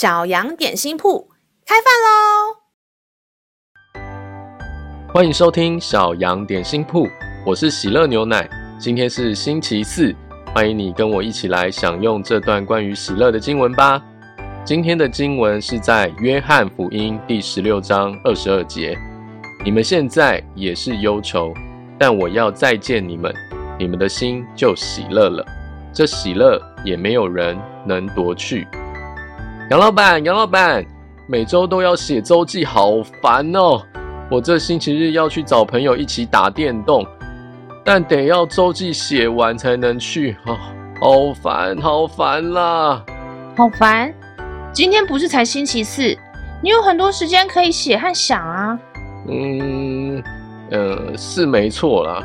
小羊點心鋪開飯嘍！歡迎收聽小羊點心鋪，我是喜樂牛奶。今天是星期四，歡迎你跟我一起來享用這段關於喜樂的經文吧。今天的經文是在約翰福音第十六章二十二節：“你們現在也是憂愁，但我要再見你們，你們的心就喜樂了。這喜樂也沒有人能奪去。”楊老闆，楊老闆，每周都要寫週記，好煩哦！我這星期日要去找朋友一起打電動，但得要週記寫完才能去。好煩，哦，好煩啦，好煩！今天不是才星期四，你有很多時間可以寫和想啊。嗯，呃，是沒錯啦，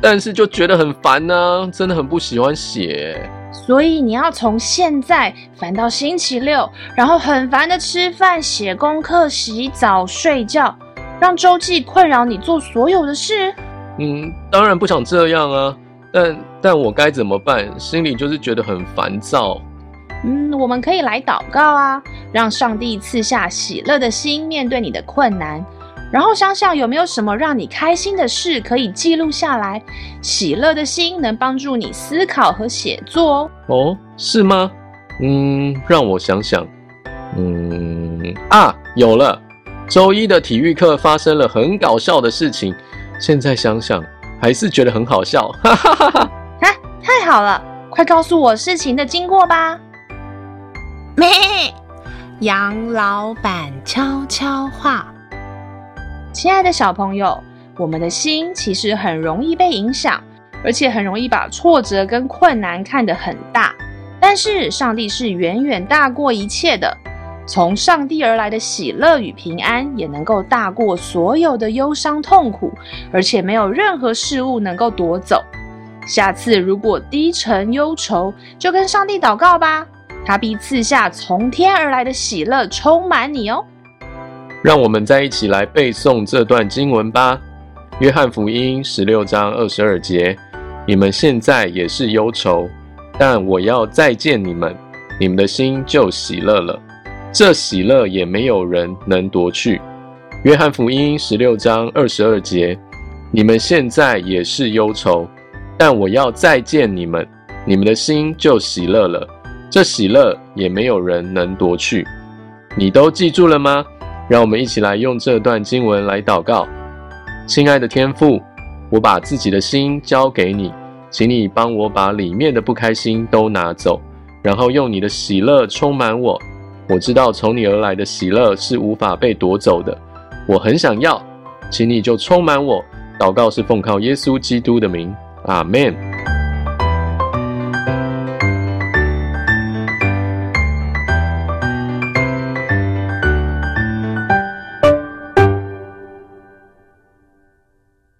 但是就覺得很煩呢、啊，真的很不喜歡寫、欸。所以你要從現在煩到星期六，然後很煩的吃飯、寫功課、洗澡、睡覺，讓周記困擾你做所有的事。嗯，當然不想這樣啊，但但我該怎麼辦？心裡就是覺得很煩躁。嗯，我們可以來禱告啊，讓上帝賜下喜樂的心，面對你的困難。然後想想有沒有什麼讓你開心的事可以記錄下來，喜樂的心能幫助你思考和寫作哦。哦，是嗎？嗯，讓我想想。嗯，啊，有了，週一的體育課發生了很搞笑的事情，現在想想還是覺得很好笑。哈哈哈哈哈！啊，太好了，快告訴我事情的經過吧。咩？楊老闆悄悄話。親愛的小朋友，我們的心其實很容易被影響，而且很容易把挫折跟困難看得很大。但是，上帝是遠遠大過一切的。從上帝而來的喜樂與平安，也能夠大過所有的憂傷痛苦，而且沒有任何事物能夠奪走。下次如果低沉憂愁，就跟上帝禱告吧，他必賜下從天而來的喜樂充滿你哦。讓我們再一起來背誦這段經文吧，《約翰福音》十六章二十二節：“你們現在也是憂愁，但我要再見你們，你們的心就喜樂了。這喜樂也沒有人能奪去。”《約翰福音》十六章二十二節：“你們現在也是憂愁，但我要再見你們，你們的心就喜樂了。這喜樂也沒有人能奪去。”你都記住了嗎？讓我們一起來用這段經文來禱告，親愛的天父，我把自己的心交給你，請你幫我把裡面的不開心都拿走，然後用你的喜樂充滿我。我知道從你而來的喜樂是無法被奪走的，我很想要，請你就充滿我。禱告是奉靠耶穌基督的名，阿門。